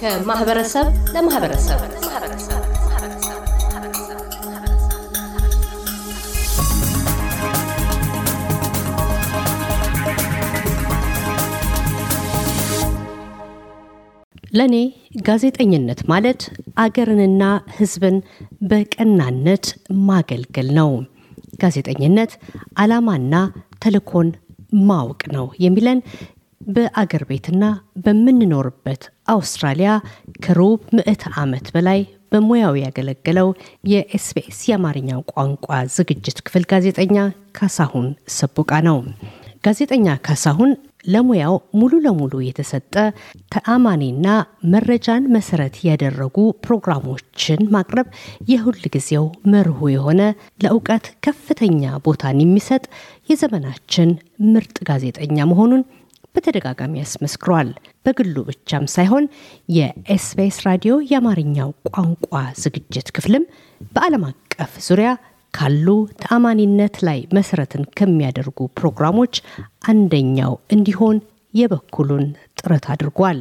ከማህበረሰብ ለማህበረሰብ ለእኔ ጋዜጠኝነት ማለት አገርንና ሕዝብን በቀናነት ማገልገል ነው። ጋዜጠኝነት ዓላማና ተልኮን ማወቅ ነው የሚለን በአገር ቤትና በምንኖርበት አውስትራሊያ ከሩብ ምዕተ ዓመት በላይ በሙያው ያገለገለው የኤስቢኤስ የአማርኛ ቋንቋ ዝግጅት ክፍል ጋዜጠኛ ካሳሁን ሰቦቃ ነው። ጋዜጠኛ ካሳሁን ለሙያው ሙሉ ለሙሉ የተሰጠ ተአማኒና መረጃን መሰረት ያደረጉ ፕሮግራሞችን ማቅረብ የሁል ጊዜው መርሁ የሆነ ለእውቀት ከፍተኛ ቦታን የሚሰጥ የዘመናችን ምርጥ ጋዜጠኛ መሆኑን በተደጋጋሚ ያስመስክሯል። በግሉ ብቻም ሳይሆን የኤስቢኤስ ራዲዮ የአማርኛው ቋንቋ ዝግጅት ክፍልም በዓለም አቀፍ ዙሪያ ካሉ ተአማኒነት ላይ መሰረትን ከሚያደርጉ ፕሮግራሞች አንደኛው እንዲሆን የበኩሉን ጥረት አድርጓል።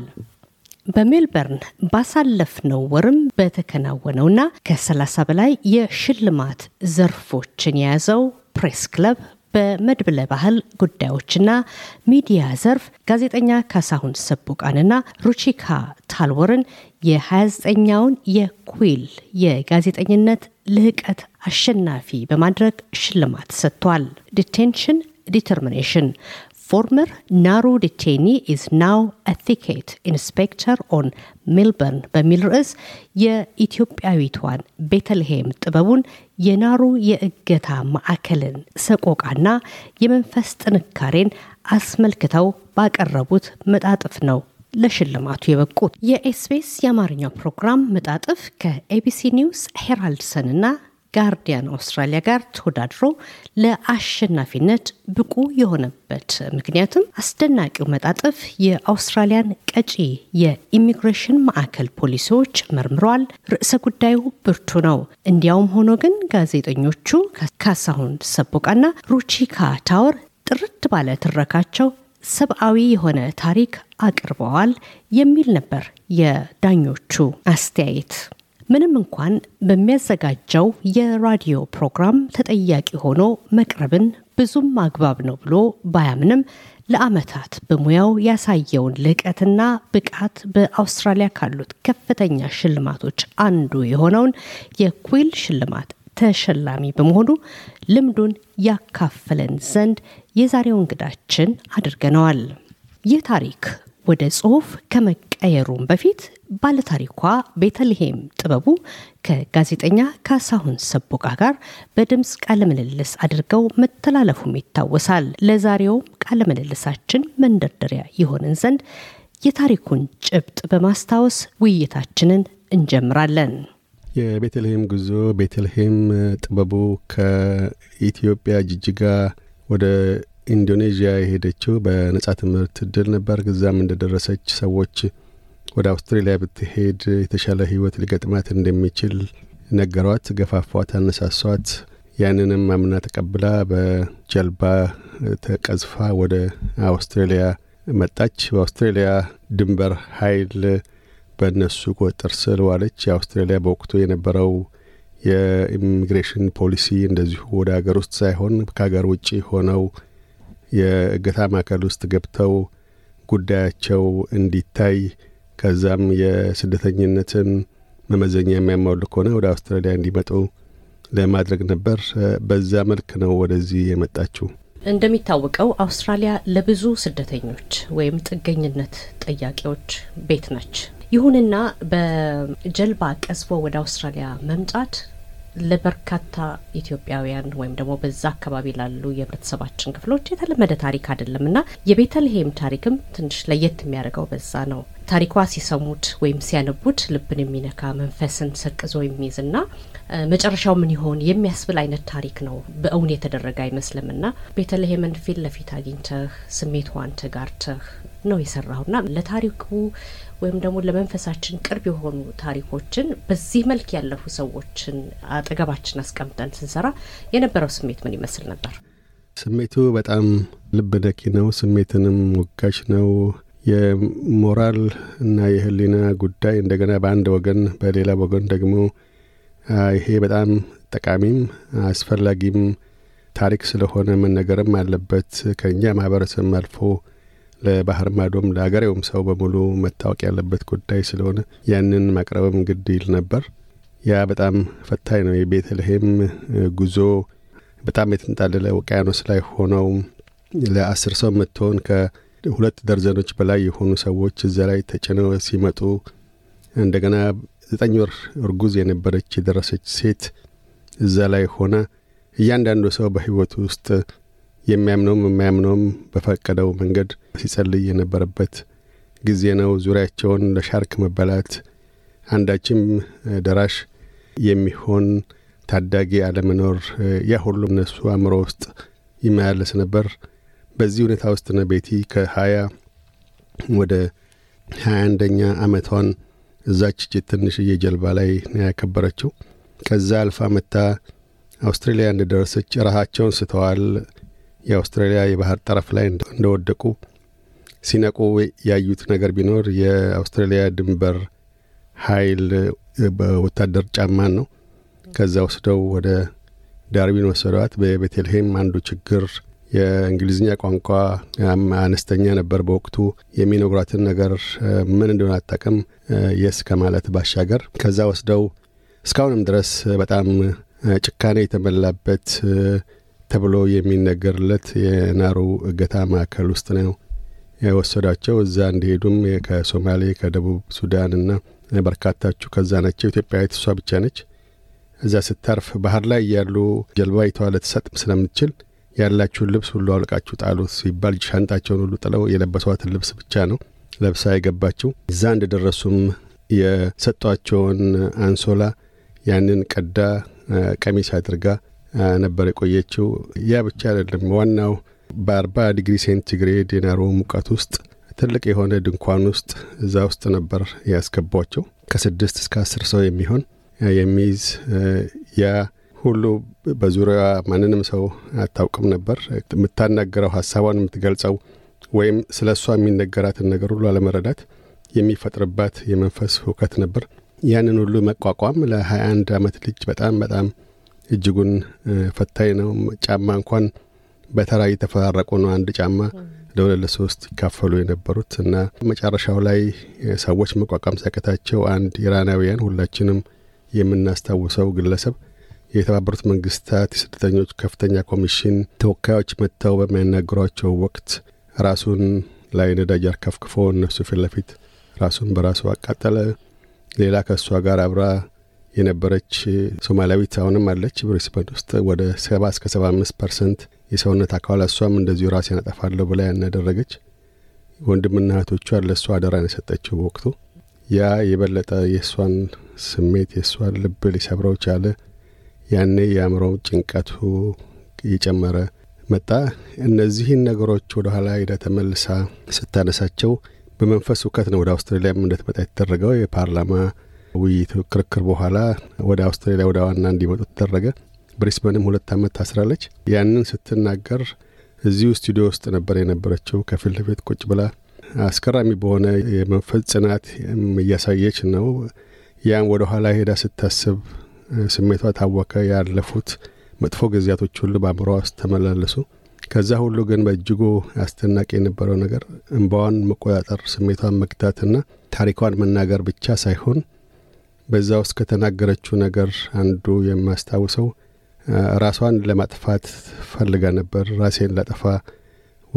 በሜልበርን ባሳለፍነው ወርም በተከናወነውና ከ30 በላይ የሽልማት ዘርፎችን የያዘው ፕሬስ ክለብ በመድብለ ባህል ጉዳዮችና ሚዲያ ዘርፍ ጋዜጠኛ ካሳሁን ሰቡቃንና ሩቺካ ታልወርን የ29ኛውን የኩዊል የጋዜጠኝነት ልህቀት አሸናፊ በማድረግ ሽልማት ሰጥቷል። ዲቴንሽን ዲተርሚኔሽን ፎርመር ናሩ ዲቴኒ ኢዝ ናው አቲኬት ኢንስፔክተር ኦን ሜልበርን በሚል ርዕስ የኢትዮጵያዊቷን ቤተልሔም ጥበቡን የናሩ የእገታ ማዕከልን ሰቆቃና የመንፈስ ጥንካሬን አስመልክተው ባቀረቡት መጣጥፍ ነው ለሽልማቱ የበቁት። የኤስቢኤስ የአማርኛው ፕሮግራም መጣጥፍ ከኤቢሲ ኒውስ፣ ሄራልድሰንና ጋርዲያን አውስትራሊያ ጋር ተወዳድሮ ለአሸናፊነት ብቁ የሆነበት ምክንያትም አስደናቂው መጣጥፍ የአውስትራሊያን ቀጪ የኢሚግሬሽን ማዕከል ፖሊሲዎች መርምሯል። ርዕሰ ጉዳዩ ብርቱ ነው። እንዲያውም ሆኖ ግን ጋዜጠኞቹ ካሳሁን ሰቦቃና ሩቺካ ታወር ጥርት ባለ ትረካቸው ሰብአዊ የሆነ ታሪክ አቅርበዋል የሚል ነበር የዳኞቹ አስተያየት። ምንም እንኳን በሚያዘጋጀው የራዲዮ ፕሮግራም ተጠያቂ ሆኖ መቅረብን ብዙም አግባብ ነው ብሎ ባያምንም ለአመታት በሙያው ያሳየውን ልቀትና ብቃት በአውስትራሊያ ካሉት ከፍተኛ ሽልማቶች አንዱ የሆነውን የኩል ሽልማት ተሸላሚ በመሆኑ ልምዱን ያካፍለን ዘንድ የዛሬው እንግዳችን አድርገነዋል። ይህ ታሪክ ወደ ጽሁፍ ከመቀየሩም በፊት ባለታሪኳ ቤተልሔም ጥበቡ ከጋዜጠኛ ካሳሁን ሰቦቃ ጋር በድምፅ ቃለምልልስ አድርገው መተላለፉም ይታወሳል። ለዛሬውም ቃለምልልሳችን መንደርደሪያ የሆንን ዘንድ የታሪኩን ጭብጥ በማስታወስ ውይይታችንን እንጀምራለን። የቤተልሔም ጉዞ ቤተልሔም ጥበቡ ከኢትዮጵያ ጅጅጋ ወደ ኢንዶኔዥያ የሄደችው በነጻ ትምህርት እድል ነበር። ግዛም እንደደረሰች ሰዎች ወደ አውስትሬሊያ ብትሄድ የተሻለ ህይወት ሊገጥማት እንደሚችል ነገሯት፣ ገፋፏት፣ አነሳሷት። ያንንም አምና ተቀብላ በጀልባ ተቀዝፋ ወደ አውስትሬሊያ መጣች። በአውስትራሊያ ድንበር ኃይል በእነሱ ቁጥጥር ስር ዋለች። የአውስትራሊያ በወቅቱ የነበረው የኢሚግሬሽን ፖሊሲ እንደዚሁ ወደ ሀገር ውስጥ ሳይሆን ከሀገር ውጭ ሆነው የእገታ ማዕከል ውስጥ ገብተው ጉዳያቸው እንዲታይ ከዛም የስደተኝነትን መመዘኛ የሚያሟሉ ከሆነ ወደ አውስትራሊያ እንዲመጡ ለማድረግ ነበር። በዛ መልክ ነው ወደዚህ የመጣችው። እንደሚታወቀው አውስትራሊያ ለብዙ ስደተኞች ወይም ጥገኝነት ጠያቂዎች ቤት ነች። ይሁንና በጀልባ ቀዝፎ ወደ አውስትራሊያ መምጣት ለበርካታ ኢትዮጵያውያን ወይም ደግሞ በዛ አካባቢ ላሉ የህብረተሰባችን ክፍሎች የተለመደ ታሪክ አይደለም እና የቤተልሔም ታሪክም ትንሽ ለየት የሚያደርገው በዛ ነው። ታሪኳ ሲሰሙት ወይም ሲያነቡት ልብን የሚነካ መንፈስን ሰቅዞ የሚይዝና መጨረሻው ምን ይሆን የሚያስብል አይነት ታሪክ ነው። በእውን የተደረገ አይመስልምና ቤተልሔምን ፊት ለፊት አግኝተህ ስሜቷን ተህ ነው የሰራሁና ለታሪኩ ወይም ደግሞ ለመንፈሳችን ቅርብ የሆኑ ታሪኮችን በዚህ መልክ ያለፉ ሰዎችን አጠገባችን አስቀምጠን ስንሰራ የነበረው ስሜት ምን ይመስል ነበር? ስሜቱ በጣም ልብ ነኪ ነው። ስሜትንም ወጋሽ ነው። የሞራል እና የህሊና ጉዳይ እንደገና በአንድ ወገን በሌላ ወገን ደግሞ ይሄ በጣም ጠቃሚም አስፈላጊም ታሪክ ስለሆነ መነገርም አለበት ከእኛ ማህበረሰብ አልፎ ለባህር ማዶም ለአገሬውም ሰው በሙሉ መታወቅ ያለበት ጉዳይ ስለሆነ ያንን ማቅረብም ግድ ይል ነበር። ያ በጣም ፈታኝ ነው። የቤተልሔም ጉዞ በጣም የተንጣለለ ውቅያኖስ ላይ ሆነው ለአስር ሰው የምትሆን ከ ሁለት ደርዘኖች በላይ የሆኑ ሰዎች እዛ ላይ ተጭነው ሲመጡ እንደገና ዘጠኝ ወር እርጉዝ የነበረች የደረሰች ሴት እዛ ላይ ሆነ እያንዳንዱ ሰው በህይወቱ ውስጥ የሚያምነውም የማያምነውም በፈቀደው መንገድ ሲጸልይ የነበረበት ጊዜ ነው። ዙሪያቸውን ለሻርክ መበላት አንዳችም ደራሽ የሚሆን ታዳጊ አለመኖር ያ ሁሉ እነሱ አእምሮ ውስጥ ይመላለስ ነበር። በዚህ ሁኔታ ውስጥ ነ ቤቲ ከሀያ ወደ ሀያ አንደኛ አመቷን እዛች ትንሽ ጀልባ ላይ ነው ያከበረችው። ከዛ አልፋ መታ አውስትራሊያ እንደደረሰች ረሃቸውን ስተዋል። የአውስትራሊያ የባህር ጠረፍ ላይ እንደወደቁ ሲነቁ ያዩት ነገር ቢኖር የአውስትራሊያ ድንበር ኃይል በወታደር ጫማን ነው። ከዛ ወስደው ወደ ዳርቢን ወሰደዋት በቤተልሔም አንዱ ችግር የእንግሊዝኛ ቋንቋ አነስተኛ ነበር በወቅቱ። የሚነግሯትን ነገር ምን እንደሆነ አጠቅም የስ ከማለት ባሻገር ከዛ ወስደው እስካሁንም ድረስ በጣም ጭካኔ የተሞላበት ተብሎ የሚነገርለት የናሩ እገታ ማዕከል ውስጥ ነው የወሰዷቸው። እዛ እንዲሄዱም ከሶማሌ ከደቡብ ሱዳንና በርካታችሁ ከዛ ናቸው። ኢትዮጵያዊት እሷ ብቻ ነች። እዛ ስታርፍ ባህር ላይ ያሉ ጀልባ ይተዋለት ሰጥም ስለምትችል ያላችሁን ልብስ ሁሉ አውልቃችሁ ጣሉት ሲባል ሻንጣቸውን ሁሉ ጥለው የለበሷትን ልብስ ብቻ ነው ለብሳ የገባችው። እዛ እንደደረሱም የሰጧቸውን አንሶላ ያንን ቀዳ ቀሚስ አድርጋ ነበር የቆየችው። ያ ብቻ አይደለም። ዋናው በአርባ ዲግሪ ሴንቲግሬድ የናሮ ሙቀት ውስጥ ትልቅ የሆነ ድንኳን ውስጥ እዛ ውስጥ ነበር ያስገቧቸው። ከስድስት እስከ አስር ሰው የሚሆን የሚይዝ ያ ሁሉ በዙሪያ ማንንም ሰው አታውቅም ነበር። የምታናገረው ሀሳቧን የምትገልጸው ወይም ስለ እሷ የሚነገራትን ነገር ሁሉ አለመረዳት የሚፈጥርባት የመንፈስ ሁከት ነበር። ያንን ሁሉ መቋቋም ለ21 ዓመት ልጅ በጣም በጣም እጅጉን ፈታኝ ነው። ጫማ እንኳን በተራ እየተፈራረቁ ነው። አንድ ጫማ ለሁለት ለሶስት ይካፈሉ የነበሩት እና መጨረሻው ላይ ሰዎች መቋቋም ሳቀታቸው አንድ ኢራናውያን ሁላችንም የምናስታውሰው ግለሰብ የተባበሩት መንግስታት የስደተኞች ከፍተኛ ኮሚሽን ተወካዮች መጥተው በሚያናግሯቸው ወቅት ራሱን ላይ ነዳጅ አርከፍክፎ እነሱ ፊት ለፊት ራሱን በራሱ አቃጠለ። ሌላ ከእሷ ጋር አብራ የነበረች ሶማሊያዊት አሁንም አለች ብሪስበን ውስጥ ወደ ሰባ እስከ ሰባ አምስት ፐርሰንት የሰውነት አካል እሷም እንደዚሁ ራስ ያነጠፋለሁ ብላ ያናደረገች ወንድምና እህቶቿ ለእሷ አደራን የሰጠችው በወቅቱ ያ የበለጠ የእሷን ስሜት የእሷን ልብ ሊሰብረው ቻለ። ያኔ የአእምሮ ጭንቀቱ እየጨመረ መጣ። እነዚህን ነገሮች ወደ ኋላ ተመልሳ ስታነሳቸው በመንፈስ እውከት ነው ወደ አውስትራሊያም እንደተመጣ የተደረገው የፓርላማ ውይይት ክርክር በኋላ ወደ አውስትራሊያ ወደ ዋና እንዲመጡ ተደረገ። ብሪስበንም ሁለት ዓመት ታስራለች። ያንን ስትናገር እዚሁ ስቱዲዮ ውስጥ ነበር የነበረችው ከፊት ለፊት ቁጭ ብላ አስገራሚ በሆነ የመንፈስ ጽናት እያሳየች ነው። ያም ወደ ኋላ ሄዳ ስታስብ ስሜቷ ታወከ። ያለፉት መጥፎ ጊዜያቶች ሁሉ በአእምሮ ውስጥ ተመላለሱ። ከዛ ሁሉ ግን በእጅጉ አስደናቂ የነበረው ነገር እንባዋን መቆጣጠር፣ ስሜቷን መግታትና ታሪኳን መናገር ብቻ ሳይሆን በዛ ውስጥ ከተናገረችው ነገር አንዱ የማስታውሰው ራሷን ለማጥፋት ፈልጋ ነበር። ራሴን ላጠፋ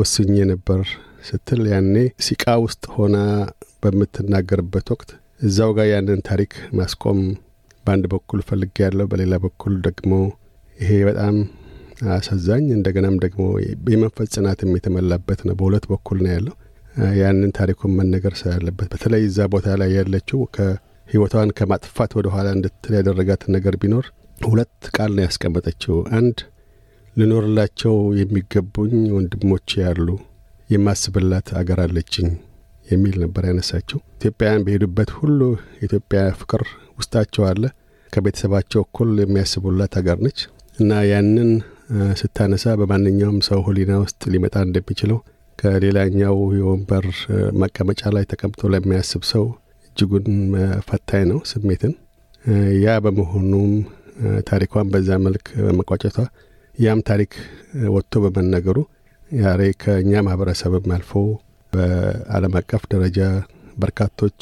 ወስኜ ነበር ስትል ያኔ ሲቃ ውስጥ ሆና በምትናገርበት ወቅት እዛው ጋር ያንን ታሪክ ማስቆም በአንድ በኩል ፈልግ ያለው በሌላ በኩል ደግሞ ይሄ በጣም አሳዛኝ እንደገናም ደግሞ የመንፈስ ጽናትም የተመላበት ነው። በሁለት በኩል ነው ያለው። ያንን ታሪኩን መነገር ስላለበት በተለይ እዛ ቦታ ላይ ያለችው ከህይወቷን ከማጥፋት ወደ ኋላ እንድትል ያደረጋት ነገር ቢኖር ሁለት ቃል ነው ያስቀመጠችው። አንድ ልኖርላቸው የሚገቡኝ ወንድሞቼ ያሉ የማስብላት አገር አለችኝ። የሚል ነበር ያነሳችው። ኢትዮጵያውያን በሄዱበት ሁሉ የኢትዮጵያ ፍቅር ውስጣቸው አለ። ከቤተሰባቸው እኩል የሚያስቡላት ሀገር ነች እና ያንን ስታነሳ በማንኛውም ሰው ሕሊና ውስጥ ሊመጣ እንደሚችለው ከሌላኛው የወንበር መቀመጫ ላይ ተቀምጦ ለሚያስብ ሰው እጅጉን ፈታኝ ነው ስሜትን። ያ በመሆኑም ታሪኳን በዛ መልክ በመቋጨቷ ያም ታሪክ ወጥቶ በመነገሩ ያሬ ከእኛ ማህበረሰብም አልፎ በዓለም አቀፍ ደረጃ በርካቶች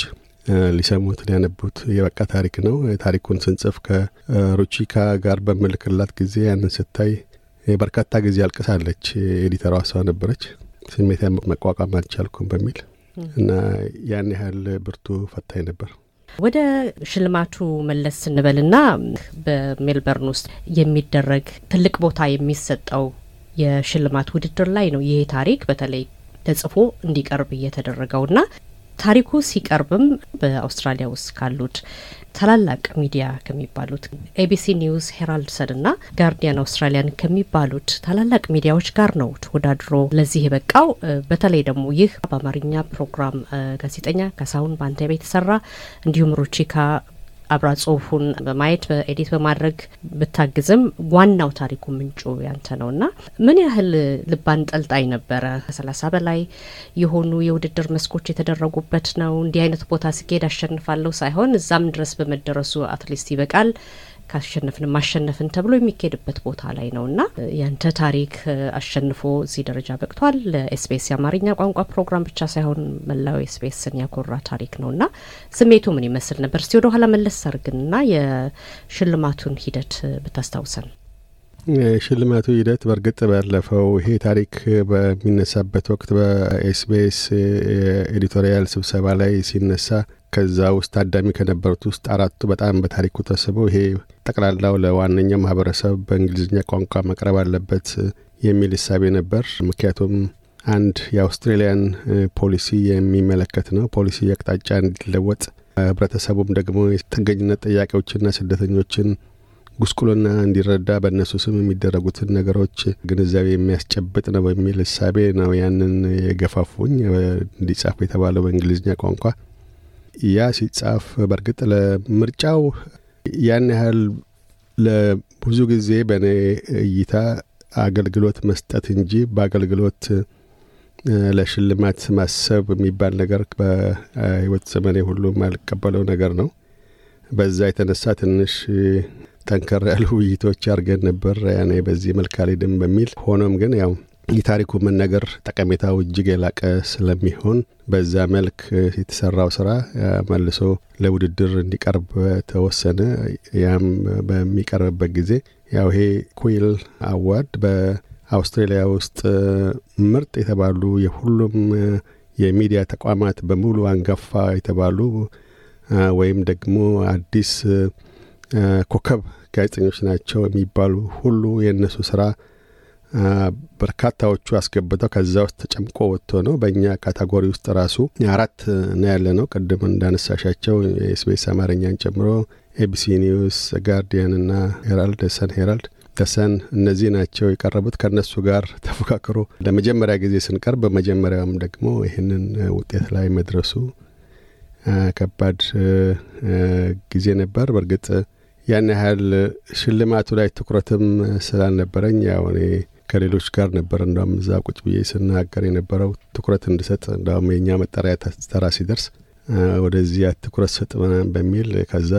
ሊሰሙት ሊያነቡት የበቃ ታሪክ ነው። ታሪኩን ስንጽፍ ከሩቺካ ጋር በምልክላት ጊዜ ያንን ስታይ በርካታ ጊዜ አልቅሳለች። ኤዲተሯ ሰው ነበረች። ስሜት መቋቋም አልቻልኩም በሚል እና ያን ያህል ብርቱ ፈታኝ ነበር። ወደ ሽልማቱ መለስ ስንበልና በሜልበርን ውስጥ የሚደረግ ትልቅ ቦታ የሚሰጠው የሽልማት ውድድር ላይ ነው ይሄ ታሪክ በተለይ ተጽፎ እንዲቀርብ እየተደረገውና ታሪኩ ሲቀርብም በአውስትራሊያ ውስጥ ካሉት ታላላቅ ሚዲያ ከሚባሉት ኤቢሲ ኒውስ፣ ሄራልድ ሰንና ጋርዲያን አውስትራሊያን ከሚባሉት ታላላቅ ሚዲያዎች ጋር ነው ተወዳድሮ ለዚህ የበቃው። በተለይ ደግሞ ይህ በአማርኛ ፕሮግራም ጋዜጠኛ ከሳሁን በአንተ የተሰራ እንዲሁም ሩቺካ አብራ ጽሁፉን በማየት ኤዲት በማድረግ ብታግዝም ዋናው ታሪኩ ምንጩ ያንተ ነው እና ምን ያህል ልብ አንጠልጣይ ነበረ? ከሰላሳ በላይ የሆኑ የውድድር መስኮች የተደረጉበት ነው። እንዲህ አይነት ቦታ ስሄድ አሸንፋለሁ ሳይሆን እዛም ድረስ በመደረሱ አትሊስት ይበቃል ካሸነፍን ማሸነፍን ተብሎ የሚካሄድበት ቦታ ላይ ነው እና ያንተ ታሪክ አሸንፎ እዚህ ደረጃ በቅቷል። ለኤስቢኤስ የአማርኛ ቋንቋ ፕሮግራም ብቻ ሳይሆን መላው ኤስቢኤስን ያኮራ ታሪክ ነው እና ስሜቱ ምን ይመስል ነበር? እስቲ ወደኋላ መለስ አድርግንና የሽልማቱን ሂደት ብታስታውሰን። የሽልማቱ ሂደት በእርግጥ ባለፈው ይሄ ታሪክ በሚነሳበት ወቅት በኤስቢኤስ የኤዲቶሪያል ስብሰባ ላይ ሲነሳ ከዛ ውስጥ ታዳሚ ከነበሩት ውስጥ አራቱ በጣም በታሪኩ ተስበው ይሄ ጠቅላላው ለዋነኛ ማህበረሰብ በእንግሊዝኛ ቋንቋ መቅረብ አለበት የሚል እሳቤ ነበር። ምክንያቱም አንድ የአውስትሬሊያን ፖሊሲ የሚመለከት ነው። ፖሊሲ አቅጣጫ እንዲለወጥ ህብረተሰቡም ደግሞ የጥገኝነት ጥያቄዎችና ስደተኞችን ጉስቁልና እንዲረዳ በእነሱ ስም የሚደረጉትን ነገሮች ግንዛቤ የሚያስጨብጥ ነው በሚል እሳቤ ነው ያንን የገፋፉኝ እንዲጻፉ የተባለው በእንግሊዝኛ ቋንቋ። ያ ሲጻፍ በእርግጥ ለምርጫው ያን ያህል ለብዙ ጊዜ በእኔ እይታ አገልግሎት መስጠት እንጂ በአገልግሎት ለሽልማት ማሰብ የሚባል ነገር በህይወት ዘመኔ ሁሉ የማልቀበለው ነገር ነው። በዛ የተነሳ ትንሽ ጠንከር ያሉ ውይይቶች አርገን ነበር ያኔ በዚህ መልክ አልሄድም በሚል ሆኖም ግን ያው የታሪኩ መነገር ጠቀሜታው እጅግ የላቀ ስለሚሆን በዛ መልክ የተሰራው ስራ መልሶ ለውድድር እንዲቀርብ ተወሰነ። ያም በሚቀርብበት ጊዜ ያው ይሄ ኩይል አዋርድ በአውስትሬሊያ ውስጥ ምርጥ የተባሉ የሁሉም የሚዲያ ተቋማት በሙሉ አንጋፋ የተባሉ ወይም ደግሞ አዲስ ኮከብ ጋዜጠኞች ናቸው የሚባሉ ሁሉ የእነሱ ስራ በርካታዎቹ አስገብተው ከዛ ውስጥ ተጨምቆ ወጥቶ ነው። በእኛ ካታጎሪ ውስጥ ራሱ አራት ነው ያለ ነው። ቅድም እንዳነሳሻቸው የኤስቤስ አማርኛን ጨምሮ ኤቢሲ ኒውስ፣ ጋርዲያን እና ሄራልድ ሰን ሄራልድ ተሰን እነዚህ ናቸው የቀረቡት። ከእነሱ ጋር ተፎካክሮ ለመጀመሪያ ጊዜ ስንቀርብ በመጀመሪያውም ደግሞ ይህንን ውጤት ላይ መድረሱ ከባድ ጊዜ ነበር። በእርግጥ ያን ያህል ሽልማቱ ላይ ትኩረትም ስላልነበረኝ ያው እኔ ከሌሎች ጋር ነበር እንዳውም እዛ ቁጭ ብዬ ስናገር የነበረው ትኩረት እንድሰጥ እንዳውም የእኛ መጠሪያ ተራ ሲደርስ ወደዚያ ትኩረት ሰጥ በሚል ከዛ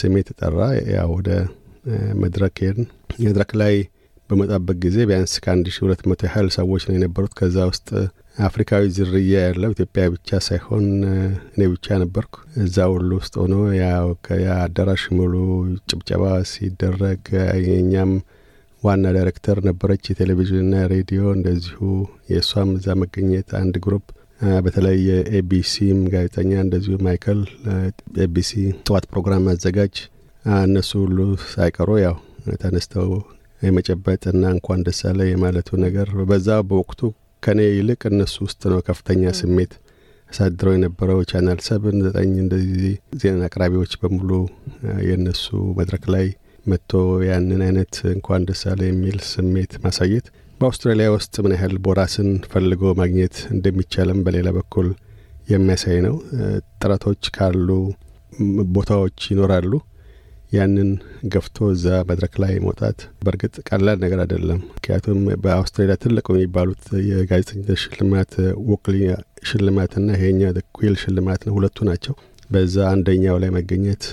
ስሜ ተጠራ። ያ ወደ መድረክ ሄድን። መድረክ ላይ በመጣበት ጊዜ ቢያንስ ከአንድ ሺ ሁለት መቶ ያህል ሰዎች ነው የነበሩት። ከዛ ውስጥ አፍሪካዊ ዝርያ ያለው ኢትዮጵያ ብቻ ሳይሆን እኔ ብቻ ነበርኩ። እዛ ሁሉ ውስጥ ሆኖ ያው አዳራሽ ሙሉ ጭብጨባ ሲደረግ የኛም ዋና ዳይሬክተር ነበረች። የቴሌቪዥንና ሬዲዮ እንደዚሁ የእሷም እዛ መገኘት አንድ ግሩፕ በተለይ የኤቢሲም ጋዜጠኛ እንደዚሁ ማይከል ኤቢሲ ጠዋት ፕሮግራም አዘጋጅ እነሱ ሁሉ ሳይቀሩ ያው ተነስተው የመጨበጥ እና እንኳን ደስ አለ የማለቱ ነገር በዛ በወቅቱ ከኔ ይልቅ እነሱ ውስጥ ነው ከፍተኛ ስሜት አሳድረው የነበረው። ቻናል ሰብን ዘጠኝ እንደዚህ ዜና አቅራቢዎች በሙሉ የእነሱ መድረክ ላይ መጥቶ ያንን አይነት እንኳን ደስ አለ የሚል ስሜት ማሳየት በአውስትራሊያ ውስጥ ምን ያህል ቦራስን ፈልጎ ማግኘት እንደሚቻልም በሌላ በኩል የሚያሳይ ነው። ጥረቶች ካሉ ቦታዎች ይኖራሉ። ያንን ገፍቶ እዛ መድረክ ላይ መውጣት በእርግጥ ቀላል ነገር አይደለም። ምክንያቱም በአውስትራሊያ ትልቁ የሚባሉት የጋዜጠኛ ሽልማት ወክሊ ሽልማትና ይሄኛ ኩል ሽልማት ነው፣ ሁለቱ ናቸው። በዛ አንደኛው ላይ መገኘት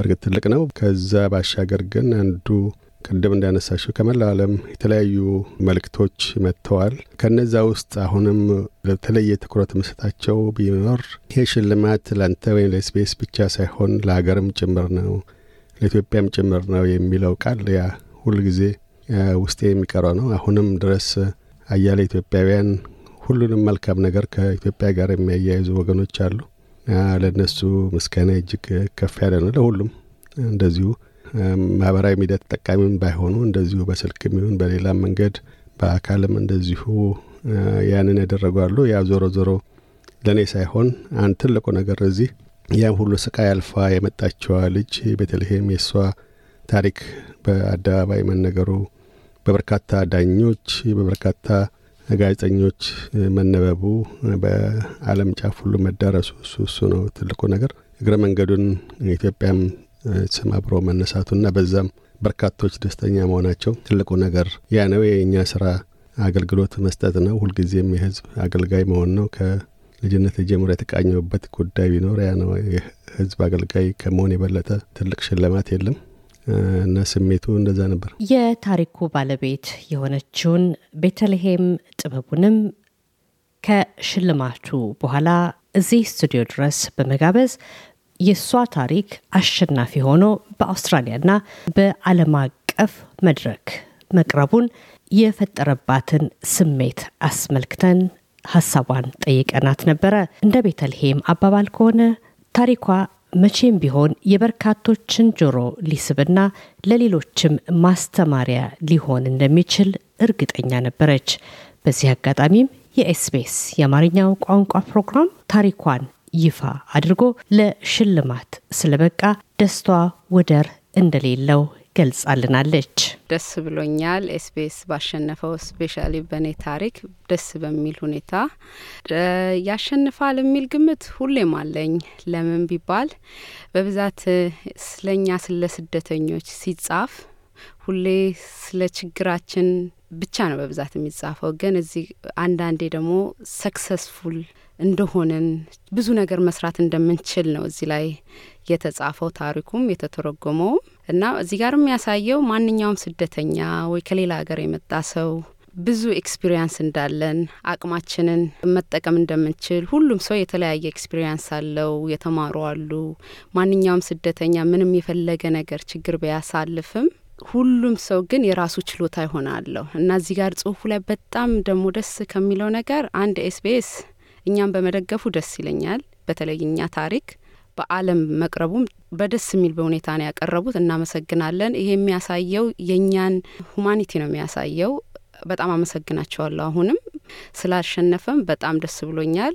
እርግጥ ትልቅ ነው። ከዛ ባሻገር ግን አንዱ ቅድም እንዳነሳሽው ከመላው ዓለም የተለያዩ መልእክቶች መጥተዋል። ከነዛ ውስጥ አሁንም ለተለየ ትኩረት መሰጣቸው ቢኖር ይሄ ሽልማት ለአንተ ወይም ለስቤስ ብቻ ሳይሆን ለሀገርም ጭምር ነው፣ ለኢትዮጵያም ጭምር ነው የሚለው ቃል ያ ሁልጊዜ ውስጤ የሚቀረው ነው። አሁንም ድረስ አያሌ ኢትዮጵያውያን ሁሉንም መልካም ነገር ከኢትዮጵያ ጋር የሚያያይዙ ወገኖች አሉ። ለእነሱ ምስጋና እጅግ ከፍ ያለ ነው። ለሁሉም እንደዚሁ ማህበራዊ ሚዲያ ተጠቃሚም ባይሆኑ እንደዚሁ በስልክ የሚሆን በሌላም መንገድ በአካልም እንደዚሁ ያንን ያደረጉ አሉ። ያ ዞሮ ዞሮ ለእኔ ሳይሆን አንድ ትልቁ ነገር እዚህ ያም ሁሉ ስቃይ አልፋ የመጣችዋ ልጅ ቤተልሔም የእሷ ታሪክ በአደባባይ መነገሩ በበርካታ ዳኞች በበርካታ ጋዜጠኞች መነበቡ በዓለም ጫፍ ሁሉ መዳረሱ እሱ እሱ ነው ትልቁ ነገር። እግረ መንገዱን ኢትዮጵያም ስም አብሮ መነሳቱና በዛም በርካቶች ደስተኛ መሆናቸው ትልቁ ነገር ያ ነው። የእኛ ስራ አገልግሎት መስጠት ነው። ሁልጊዜም የህዝብ አገልጋይ መሆን ነው። ከልጅነት ጀምሮ የተቃኘበት ጉዳይ ቢኖር ያ ነው። የህዝብ አገልጋይ ከመሆን የበለጠ ትልቅ ሽልማት የለም። እና ስሜቱ እንደዛ ነበር። የታሪኩ ባለቤት የሆነችውን ቤተልሔም ጥበቡንም ከሽልማቱ በኋላ እዚህ ስቱዲዮ ድረስ በመጋበዝ የእሷ ታሪክ አሸናፊ ሆኖ በአውስትራሊያና በዓለም አቀፍ መድረክ መቅረቡን የፈጠረባትን ስሜት አስመልክተን ሀሳቧን ጠይቀናት ነበረ። እንደ ቤተልሔም አባባል ከሆነ ታሪኳ መቼም ቢሆን የበርካቶችን ጆሮ ሊስብና ለሌሎችም ማስተማሪያ ሊሆን እንደሚችል እርግጠኛ ነበረች። በዚህ አጋጣሚም የኤስቢኤስ የአማርኛው ቋንቋ ፕሮግራም ታሪኳን ይፋ አድርጎ ለሽልማት ስለበቃ ደስቷ ወደር እንደሌለው ገልጻልናለች። ደስ ብሎኛል። ኤስቢኤስ ባሸነፈው ስፔሻሊ በእኔ ታሪክ ደስ በሚል ሁኔታ ያሸንፋል የሚል ግምት ሁሌም አለኝ። ለምን ቢባል በብዛት ስለኛ ስለ ስደተኞች ሲጻፍ ሁሌ ስለ ችግራችን ብቻ ነው በብዛት የሚጻፈው። ግን እዚህ አንዳንዴ ደግሞ ሰክሰስፉል እንደሆንን ብዙ ነገር መስራት እንደምንችል ነው እዚህ ላይ የተጻፈው ታሪኩም የተተረጎመውም እና እዚህ ጋር የሚያሳየው ማንኛውም ስደተኛ ወይ ከሌላ ሀገር የመጣ ሰው ብዙ ኤክስፒሪየንስ እንዳለን አቅማችንን መጠቀም እንደምንችል ሁሉም ሰው የተለያየ ኤክስፒሪየንስ አለው። የተማሩ አሉ። ማንኛውም ስደተኛ ምንም የፈለገ ነገር ችግር ቢያሳልፍም ሁሉም ሰው ግን የራሱ ችሎታ ይሆናለሁ እና እዚህ ጋር ጽሁፉ ላይ በጣም ደግሞ ደስ ከሚለው ነገር አንድ ኤስቢኤስ እኛም በመደገፉ ደስ ይለኛል። በተለይ እኛ ታሪክ በዓለም መቅረቡም በደስ የሚል በሁኔታ ነው ያቀረቡት። እናመሰግናለን። ይሄ የሚያሳየው የእኛን ሁማኒቲ ነው የሚያሳየው። በጣም አመሰግናቸዋለሁ። አሁንም ስላሸነፈም በጣም ደስ ብሎኛል።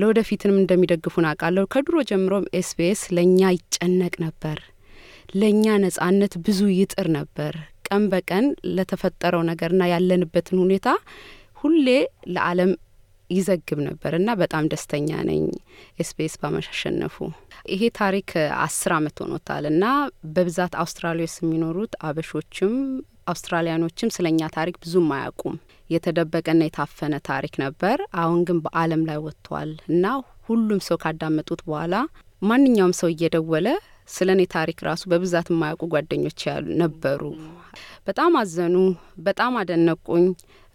ለወደፊትንም እንደሚደግፉን አውቃለሁ። ከድሮ ጀምሮም ኤስቢኤስ ለእኛ ይጨነቅ ነበር፣ ለእኛ ነጻነት ብዙ ይጥር ነበር። ቀን በቀን ለተፈጠረው ነገርና ያለንበትን ሁኔታ ሁሌ ለዓለም ይዘግብ ነበር እና በጣም ደስተኛ ነኝ ኤስቢኤስ በማሸነፉ። ይሄ ታሪክ አስር አመት ሆኖታል እና በብዛት አውስትራሊያ ውስጥ የሚኖሩት አበሾችም አውስትራሊያኖችም ስለኛ ታሪክ ብዙም አያውቁም። የተደበቀና የታፈነ ታሪክ ነበር። አሁን ግን በዓለም ላይ ወጥቷል እና ሁሉም ሰው ካዳመጡት በኋላ ማንኛውም ሰው እየደወለ ስለ እኔ ታሪክ ራሱ በብዛት የማያውቁ ጓደኞች ያሉ ነበሩ በጣም አዘኑ፣ በጣም አደነቁኝ።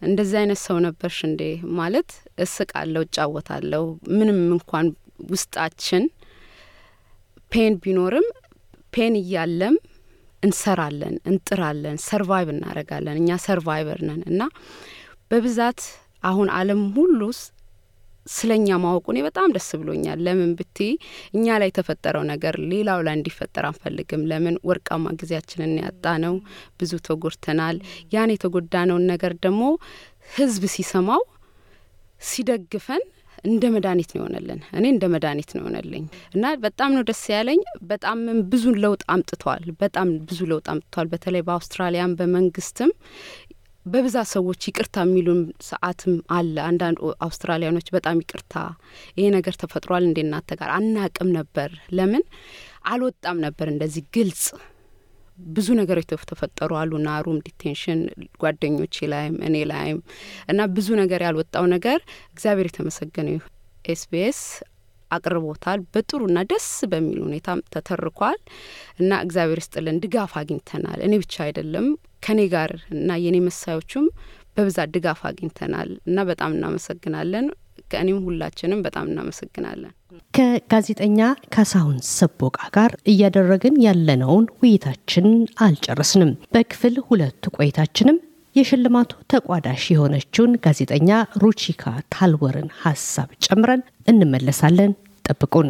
እንደዚህ አይነት ሰው ነበርሽ እንዴ ማለት እስቃለሁ፣ እጫወታለሁ። ምንም እንኳን ውስጣችን ፔን ቢኖርም ፔን እያለም እንሰራለን፣ እንጥራለን፣ ሰርቫይቭ እናደርጋለን። እኛ ሰርቫይቨር ነን እና በብዛት አሁን ዓለም ሁሉ ስለኛ ማወቁ እኔ በጣም ደስ ብሎኛል። ለምን ብት እኛ ላይ የተፈጠረው ነገር ሌላው ላይ እንዲፈጠር አንፈልግም። ለምን ወርቃማ ጊዜያችንን ያጣ ነው፣ ብዙ ተጎድተናል። ያን የተጎዳነውን ነገር ደግሞ ህዝብ ሲሰማው ሲደግፈን እንደ መድኃኒት ነው የሆነልን። እኔ እንደ መድኃኒት ነው የሆነልኝ እና በጣም ነው ደስ ያለኝ። በጣም ብዙ ለውጥ አምጥተዋል። በጣም ብዙ ለውጥ አምጥተዋል። በተለይ በአውስትራሊያም በመንግስትም በብዛት ሰዎች ይቅርታ የሚሉን ሰዓትም አለ። አንዳንድ አውስትራሊያኖች በጣም ይቅርታ ይሄ ነገር ተፈጥሯል እንዴ እናንተ ጋር አናቅም ነበር፣ ለምን አልወጣም ነበር እንደዚህ ግልጽ ብዙ ነገሮች ተፈጠሩ አሉ። ናሩም ዲቴንሽን ጓደኞቼ ላይም እኔ ላይም እና ብዙ ነገር ያልወጣው ነገር እግዚአብሔር የተመሰገነ ኤስቢኤስ አቅርቦታል በጥሩና ደስ በሚል ሁኔታም ተተርኳል እና እግዚአብሔር ስጥልን ድጋፍ አግኝተናል። እኔ ብቻ አይደለም ከኔ ጋር እና የኔ መሳዮቹም በብዛት ድጋፍ አግኝተናል እና በጣም እናመሰግናለን። ከእኔም ሁላችንም በጣም እናመሰግናለን። ከጋዜጠኛ ካሳሁን ሰቦቃ ጋር እያደረግን ያለነውን ውይይታችን አልጨረስንም። በክፍል ሁለቱ ቆይታችንም የሽልማቱ ተቋዳሽ የሆነችውን ጋዜጠኛ ሩቺካ ታልወርን ሀሳብ ጨምረን እንመለሳለን። ጠብቁን።